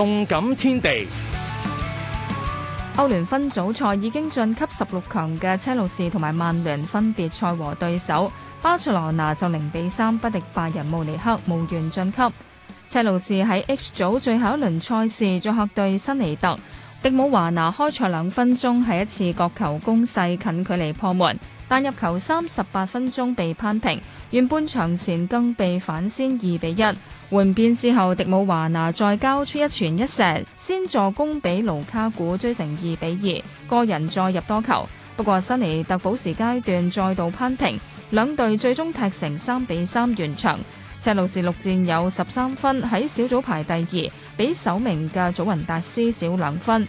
動感天地，歐聯分組賽，已經晉級十六強嘅車路士同埋曼聯分別賽和對手，巴塞羅那就零比三不敵拜仁慕尼黑無緣晉級。車路士喺 H 組最後一輪賽事作客對辛尼特，迪姆華拿開賽兩分鐘係一次角球攻勢近距離破門。但入球三十八分鐘被扳平，完半場前更被反先二比一。換邊之後，迪姆華拿再交出一傳一射，先助攻俾盧卡古追成二比二，個人再入多球，不過辛尼特補時階段再度扳平，兩隊最終踢成三比三完場。車路士六戰有十三分，喺小組排第二，比首名嘅祖雲達斯少兩分。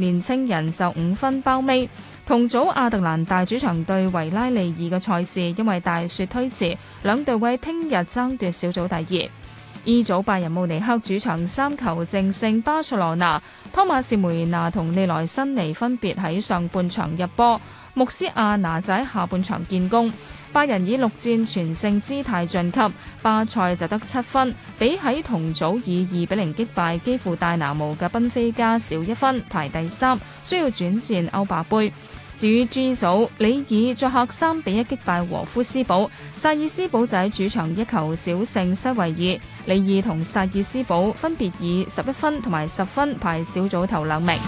年青人就五分包尾。同組阿特蘭大主場對維拉利爾嘅賽事，因為大雪推遲，兩隊會聽日爭奪小組第二。E 組拜仁慕尼黑主場三球淨勝巴塞羅那，湯馬士梅拿同利萊辛尼分別喺上半場入波，穆斯亞拿仔下半場建功。拜仁以六戰全勝姿態晉級，巴塞就得七分，比喺同組以二比零擊敗基輔戴拿模嘅賓菲加少一分，排第三，需要轉戰歐霸杯。至於 G 組，里爾作客三比一擊敗和夫斯堡，薩爾斯堡仔主場一球小勝西維爾，里爾同薩爾斯堡分別以十一分同埋十分排小組頭兩名。